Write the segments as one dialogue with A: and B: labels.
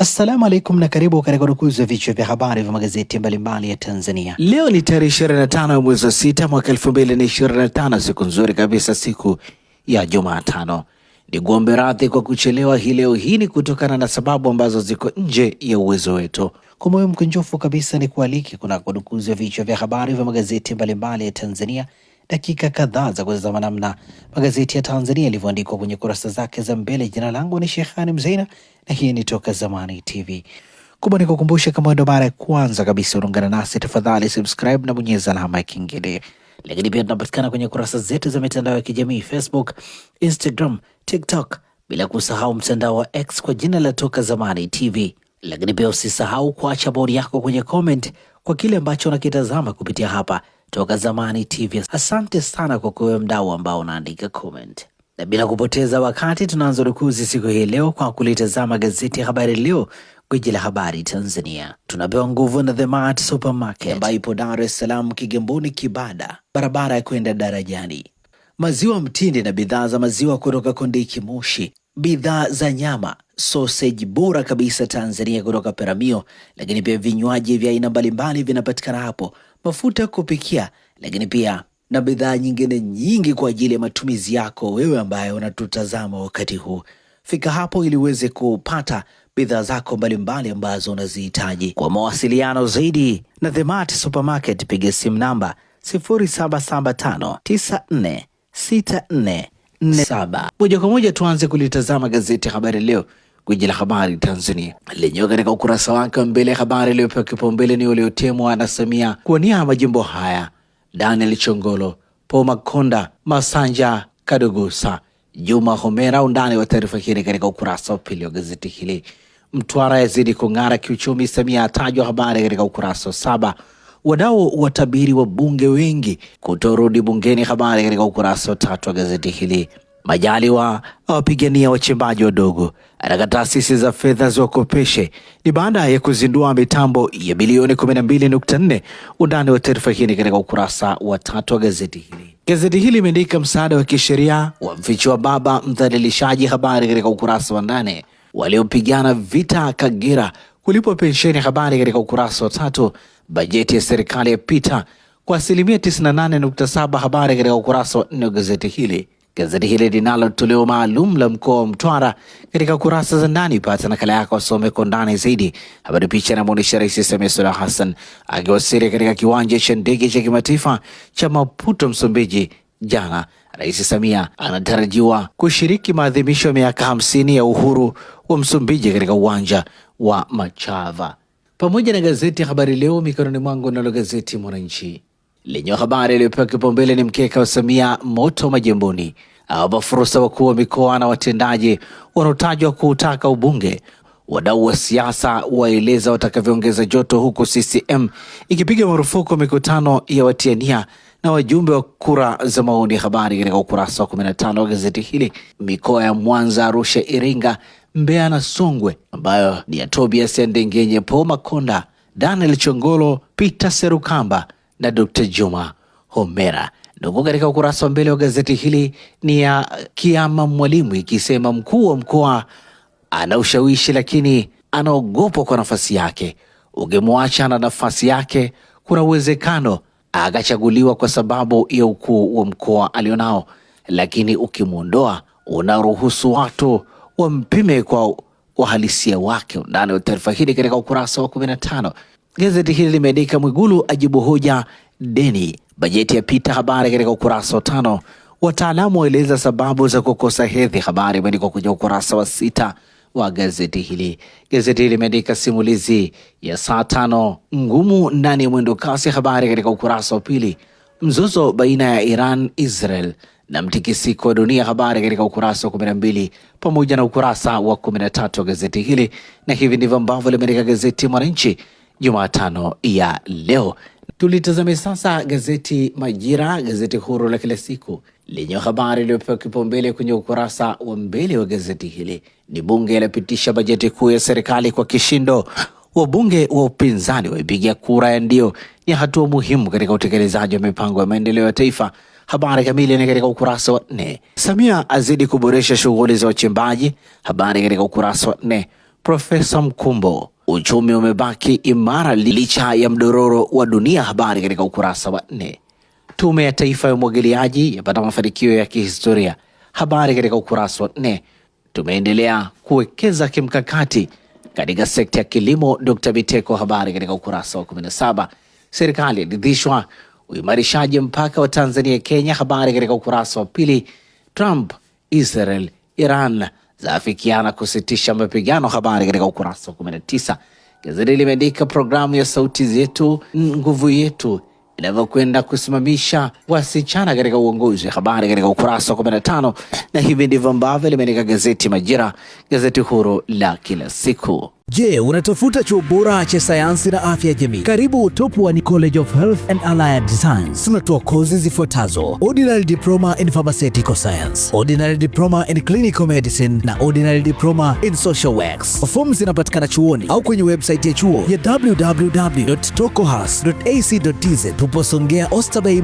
A: Assalamu alaikum na karibu katika udukuzi wa vichwa vya habari vya magazeti mbalimbali ya Tanzania.
B: Leo ni tarehe 25 ya mwezi wa sita mwaka 2025, siku nzuri kabisa, siku ya Jumatano. Nigombe radhi kwa kuchelewa hii leo. Hii ni kutokana na sababu ambazo ziko nje ya uwezo wetu.
A: Kwa moyo mkunjofu kabisa ni kualiki kuna kudukuzi wa vichwa vya habari vya magazeti mbalimbali ya Tanzania dakika kadhaa za kutazama namna magazeti ya Tanzania yalivyoandikwa kwenye kurasa zake za mbele. Jina langu ni Shehani Mzeina na hii ni Toka Zamani TV. Kubwa ni kukumbusha, kama ndo mara ya kwanza kabisa unaungana nasi, tafadhali subscribe na bonyeza alama ya kengele. Lakini pia tunapatikana kwenye kurasa zetu za mitandao ya kijamii Facebook, Instagram, TikTok, bila kusahau mtandao wa X kwa jina la Toka Zamani TV. Lakini pia usisahau kuacha bodi yako kwenye comment kwa kile ambacho unakitazama kupitia hapa toka zamani TV. Asante sana kwa kuwe mdau ambao unaandika comment, na bila kupoteza wakati tunaanza rukuzi siku hii leo kwa kulitazama gazeti ya Habari Leo, gwiji la habari Tanzania. Tunapewa nguvu na The Mart Supermarket ambayo ipo Dar es Salaam, Kigamboni, Kibada, barabara ya kwenda darajani. Maziwa mtindi na bidhaa za maziwa kutoka Kondiki Moshi bidhaa za nyama, soseji bora kabisa Tanzania kutoka Peramio, lakini pia vinywaji vya aina mbalimbali vinapatikana hapo, mafuta kupikia, lakini pia na bidhaa nyingine nyingi kwa ajili ya matumizi yako wewe ambaye unatutazama wakati huu. Fika hapo ili uweze kupata bidhaa zako mbalimbali ambazo unazihitaji. Kwa mawasiliano zaidi na Mart Supermarket, piga simu namba 07759464 47. Moja kwa moja tuanze kulitazama gazeti ya Habari Leo, gwiji la habari Tanzania, lenyewe katika ukurasa wake wa mbele ya habari iliyopewa kipaumbele ni waliotemwa na Samia kuwania majimbo haya: Daniel Chongolo, Paul Makonda, Masanja Kadogosa, Juma Homera. Undani wa taarifa hili katika ukurasa wa pili wa gazeti hili. Mtwara yazidi kung'ara kiuchumi, Samia atajwa, habari katika ukurasa wa saba wadao watabiri wa bunge wengi kutorudi bungeni. Habari katika ukurasa wa tatu wa gazeti hili. Majaliwa awapigania wachimbaji wadogo, ataka taasisi za fedha ziwakopeshe. Ni baada ya kuzindua mitambo ya bilioni 12.4. Undani wa taarifa hii katika ukurasa wa tatu wa gazeti hili. Gazeti hili limeandika msaada wa kisheria wa wa baba mdhalilishaji, habari katika ukurasa wa nane. Waliopigana vita Kagera kulipwa pensheni, habari katika ukurasa wa tatu bajeti ya serikali yapita kwa asilimia 98.7. Habari katika ukurasa wa nne wa gazeti hili. Gazeti hili linalo toleo maalum la mkoa wa Mtwara katika kurasa za ndani, pata nakala yako wasome kwa ndani zaidi. Habari picha inamwonyesha Rais Samia Suluhu Hassan akiwasili katika kiwanja cha ndege cha kimataifa cha Maputo, Msumbiji jana. Rais Samia anatarajiwa kushiriki maadhimisho ya miaka hamsini ya uhuru wa Msumbiji katika uwanja wa Machava pamoja na gazeti Habari Leo mikononi mwangu, nalo gazeti Mwananchi lenye habari iliyopewa kipaumbele ni mkeka wa Samia moto majimboni, awapa fursa wakuu wa mikoa na watendaji wanaotajwa kuutaka ubunge. Wadau wa siasa waeleza watakavyoongeza joto, huku CCM ikipiga marufuku mikutano ya watiania na wajumbe wa kura za maoni. Habari katika ukurasa wa 15 wa gazeti hili. Mikoa ya Mwanza, Arusha, Iringa, Mbeya na Songwe ambayo ni ya Tobias Ndengenye, Paul Makonda, Daniel Chongolo, Peter Serukamba na Dr. Juma Homera. Ndugu, katika ukurasa wa mbele wa gazeti hili ni ya Kiama Mwalimu ikisema mkuu wa mkoa ana ushawishi lakini anaogopwa kwa nafasi yake. Ungemwacha na nafasi yake, kuna uwezekano akachaguliwa kwa sababu ya ukuu wa mkoa alionao, lakini ukimwondoa, unaruhusu watu wampime kwa uhalisia wake. Undani wa taarifa hili katika ukurasa wa 15. Gazeti hili limeandika Mwigulu ajibu hoja deni, bajeti ya pita, habari katika ukurasa wa tano. Wataalamu waeleza sababu za kukosa hedhi, habari imeandikwa kwenye ukurasa wa sita wa gazeti hili. Gazeti hili limeandika simulizi ya saa tano ngumu ndani ya mwendo kasi, habari katika ukurasa wa pili. Mzozo baina ya Iran Israel na mtikisiko wa dunia, habari katika ukurasa wa kumi na mbili pamoja na ukurasa wa kumi na tatu wa gazeti hili, na hivi ndivyo ambavyo limeandika gazeti Mwananchi Jumatano ya leo. Tulitazame sasa gazeti Majira, gazeti huru la kila siku lenye habari iliyopewa kipaumbele kwenye ukurasa wa mbele wa gazeti hili ni bunge lapitisha bajeti kuu ya serikali kwa kishindo, wabunge wa upinzani waipigia kura ya ndio, ni hatua muhimu katika utekelezaji wa mipango ya maendeleo ya taifa. Habari kamili ni katika ukurasa wa nne. Samia azidi kuboresha shughuli za uchimbaji, habari katika ukurasa wa nne. Profesa Mkumbo Uchumi umebaki imara licha ya mdororo wa dunia. Habari katika ukurasa wa nne. Tume ya Taifa ya Umwagiliaji yapata mafanikio ya kihistoria. Habari katika ukurasa wa nne. Tumeendelea kuwekeza kimkakati katika sekta ya kilimo, d Biteko. Habari katika ukurasa wa saba. Serikali yaridhishwa uimarishaji mpaka wa Tanzania Kenya. Habari katika ukurasa wa pili. Trump, Israel, Iran zaafikiana kusitisha mapigano. Habari katika ukurasa wa 19, gazeti limeandika programu ya sauti zetu nguvu yetu inavyokwenda kusimamisha wasichana katika uongozi. Habari katika ukurasa wa 15, na hivi ndivyo ambavyo limeandika gazeti Majira, gazeti huru la kila siku. Je, unatafuta chuo bora cha sayansi na afya ya jamii? Karibu top One College of Health and Allied Sciences. Tunatoa kozi zifuatazo: Ordinary Diploma in Pharmaceutical Science, Ordinary Diploma in Clinical Medicine na Ordinary Diploma in Social Works. Fomu zinapatikana chuoni au kwenye website ya chuo ya www.tokohas.ac.tz. Tupo Songea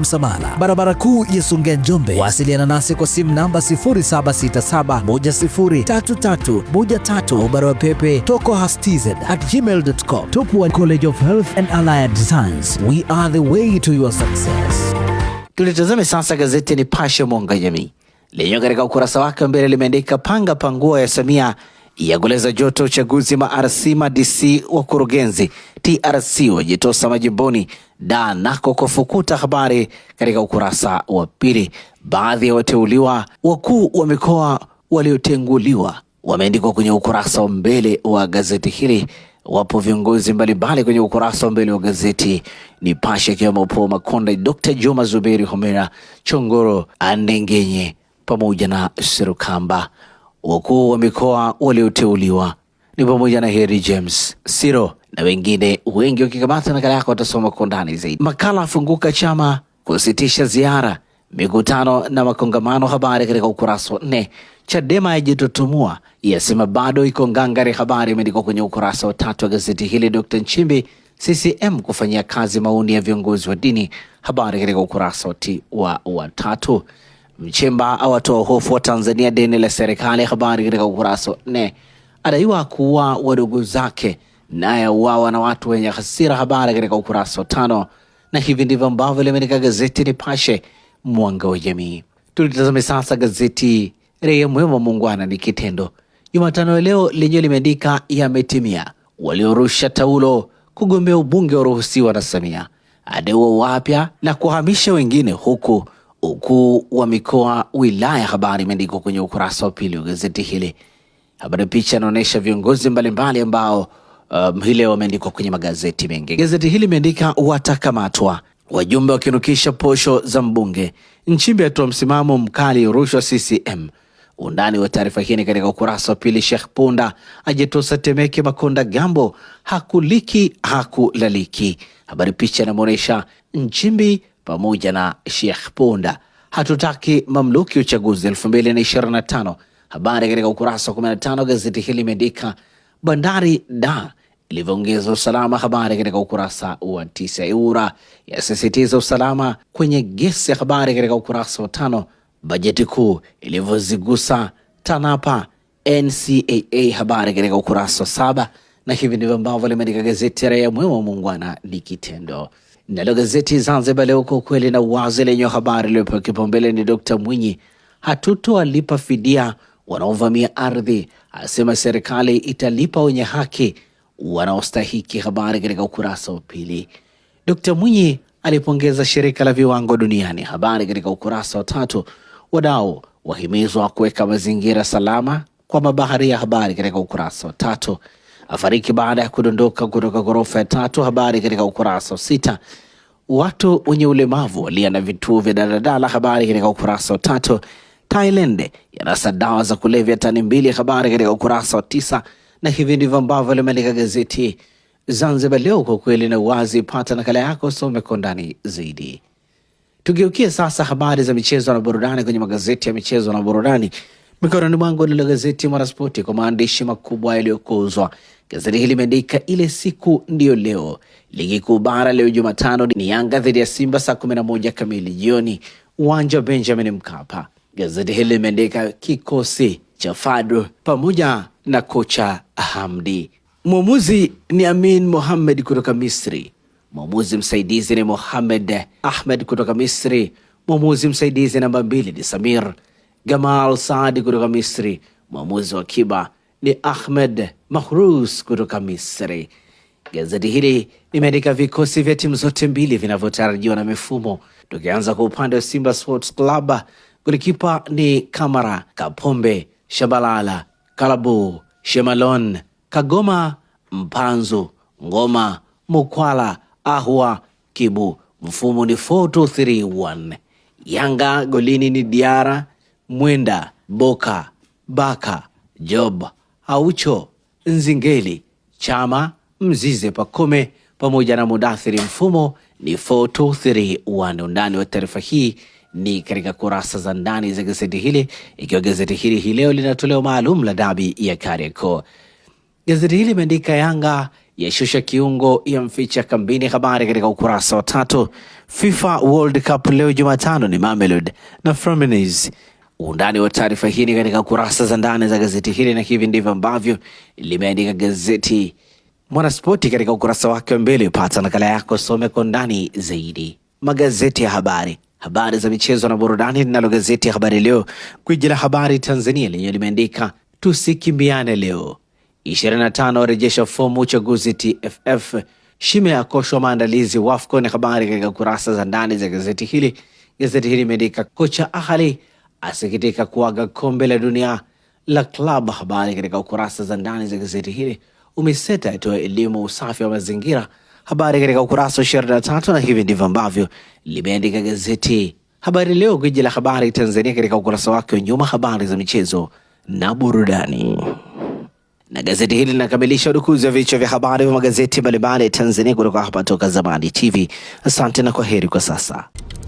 A: Msamala, barabara kuu ya Songea Njombe. Wasiliana nasi kwa simu namba 0767103313 au barua pepe tokohas stz at gmail.com. Topwan College of Health and Allied Science, we are the way to your success. Tulitazame sasa gazeti ni pashe Mwanga Jamii lenyewe katika ukurasa wake wa mbele limeandika panga pangua ya Samia yagoleza joto uchaguzi marc madc wakurugenzi TRC wajitosa majimboni da nako kufukuta. Habari katika ukurasa wa pili, baadhi ya wateuliwa wakuu wa mikoa waliotenguliwa wameandikwa kwenye ukurasa wa mbele wa gazeti hili. Wapo viongozi mbalimbali kwenye ukurasa wa mbele wa gazeti Nipashe, akiwemo Paul Makonda, Dr. Juma Zuberi Homera, Chongoro Andengenye pamoja na Serukamba. Wakuu wa mikoa walioteuliwa ni pamoja na Heri James Siro na wengine wengi. Wakikamata nakala yako watasoma kwa undani zaidi. Makala afunguka chama kusitisha ziara Mikutano na makongamano, habari katika ukurasa wa nne. Chadema yajitutumua yasema bado iko ngangari, habari imeandikwa kwenye ukurasa wa tatu wa gazeti hili. Dr Nchimbi, CCM kufanyia kazi maoni ya viongozi wa dini, habari katika ukurasa wa watatu. Mchemba awatoa hofu wa Tanzania deni la serikali, habari katika ukurasa wa nne. Adaiwa kuua wadogo zake naye auawa na watu wenye hasira, habari katika ukurasa wa tano. Na hivi ndivyo ambavyo limeandika gazeti Nipashe mwanga wa jamii. Tulitazame sasa gazeti raia mwema wa muungwana ni kitendo Jumatano ya leo lenyewe limeandika yametimia, waliorusha taulo kugombea ubunge waruhusiwa na Samia adeua wapya na kuhamisha wengine huku ukuu wa mikoa wilaya. Habari imeandikwa kwenye ukurasa wa pili wa gazeti hili. Habari picha inaonyesha viongozi mbalimbali ambao um, hii leo wameandikwa kwenye magazeti mengi. Gazeti hili limeandika watakamatwa Wajumbe wakinukisha posho za mbunge. Nchimbi atoa msimamo mkali rushwa CCM. Undani wa taarifa hii ni katika ukurasa wa pili. Sheikh punda ajitosa Temeke, Makonda Gambo hakuliki hakulaliki. Habari picha inamwonyesha Nchimbi pamoja na Sheikh punda Hatutaki mamluki uchaguzi 2025. Habari katika ukurasa wa 15 gazeti hili limeandika bandari da ilivyoongeza usalama. Habari katika ukurasa wa tisa. EWURA yasisitiza usalama kwenye gesi ya habari katika ukurasa wa tano. Bajeti kuu ilivyozigusa TANAPA NCAA, habari katika ukurasa wa saba, na hivi ndivyo ambavyo limeandika gazeti ya Raia Mwema, muungwana ni kitendo. Nalo gazeti Zanzibar Leo, kwa ukweli na uwazi, lenye habari iliyopewa kipaumbele ni Dkt Mwinyi, hatutowalipa fidia wanaovamia ardhi, asema serikali italipa wenye haki wanaostahiki. Habari katika ukurasa wa pili. Dkt Mwinyi alipongeza shirika la viwango duniani. Habari katika ukurasa wa tatu. Wadau wahimizwa kuweka mazingira salama kwa mabaharia. Habari katika ukurasa wa tatu. Afariki baada ya kudondoka kutoka ghorofa ya tatu. Habari katika ukurasa wa sita. Watu wenye ulemavu walia na vituo vya daladala. Habari katika ukurasa wa tatu. Thailand yanasa dawa za kulevya tani mbili. Habari katika ukurasa wa tisa na hivi ndivyo ambavyo limeandika gazeti Zanzibar Leo, kwa kweli na uwazi. Pata nakala yako, some kwa undani zaidi. Tugeukie sasa habari za michezo na burudani kwenye magazeti ya michezo na burudani. Mikononi mwangu nilo gazeti Mwanaspoti kwa maandishi makubwa yaliyokuzwa. Gazeti hili limeandika ile siku ndiyo leo, ligi kuu bara leo Jumatano ni Yanga dhidi ya Simba saa kumi na moja kamili jioni, uwanja wa Benjamin Mkapa. Gazeti hili limeandika kikosi cha Fadlu pamoja na kocha Hamdi. Mwamuzi ni Amin Mohamed kutoka Misri. Mwamuzi msaidizi ni Mohamed Ahmed kutoka Misri. Mwamuzi msaidizi namba mbili ni Samir Gamal Saadi kutoka Misri. Mwamuzi wa kiba ni Ahmed Mahrous kutoka Misri. Gazeti hili limeandika vikosi vya timu zote mbili vinavyotarajiwa na mifumo. Tukianza kwa upande wa Simba Sports Club, golikipa ni Kamara Kapombe Shabalala Kalabu, Shemalon, Kagoma, Mpanzu, Ngoma, Mukwala, Ahwa, Kibu. Mfumo ni 4231. Yanga golini ni Diara, Mwenda, Boka, Baka, Job, Aucho, Nzingeli, Chama, Mzize, Pakome pamoja na Mudathiri. Mfumo ni 4231. Undani wa taarifa hii ni katika kurasa za ndani za gazeti hili, ikiwa gazeti hili hii leo lina toleo maalum la dabi ya Kariakoo. Gazeti hili imeandika Yanga yashusha kiungo ya mficha kambini, habari katika ukurasa wa tatu. FIFA World Cup leo Jumatano ni Mamelodi na Fluminense. Undani wa taarifa hii ni katika kurasa za ndani za gazeti hili, na hivi ndivyo ambavyo limeandika gazeti Mwanaspoti katika ukurasa wake wa mbele. Pata nakala yako, some kwa ndani zaidi magazeti ya habari Habari za michezo na burudani linalo gazeti ya Habari Leo, kwiji la habari Tanzania, lenyewe limeandika tusikimbiane leo. 25 warejesha fomu uchaguzi TFF, Shime akoshwa maandalizi WAFCON. Ni habari katika kurasa za ndani za gazeti hili. Gazeti hili limeandika kocha Ahali asikitika kuaga kombe la dunia la klabu. Habari katika kurasa za ndani za gazeti hili. UMISETA itoa elimu usafi wa mazingira habari katika ukurasa wa ishirini na tatu na hivi ndivyo ambavyo limeandika gazeti Habari Leo, gwiji la habari Tanzania, katika ukurasa wake wa nyuma, habari za michezo na burudani. Na gazeti hili linakamilisha udukuzi wa vichwa vya habari vya magazeti mbalimbali ya Tanzania kutoka hapa Toka Zamani TV. Asante na kwa heri kwa sasa.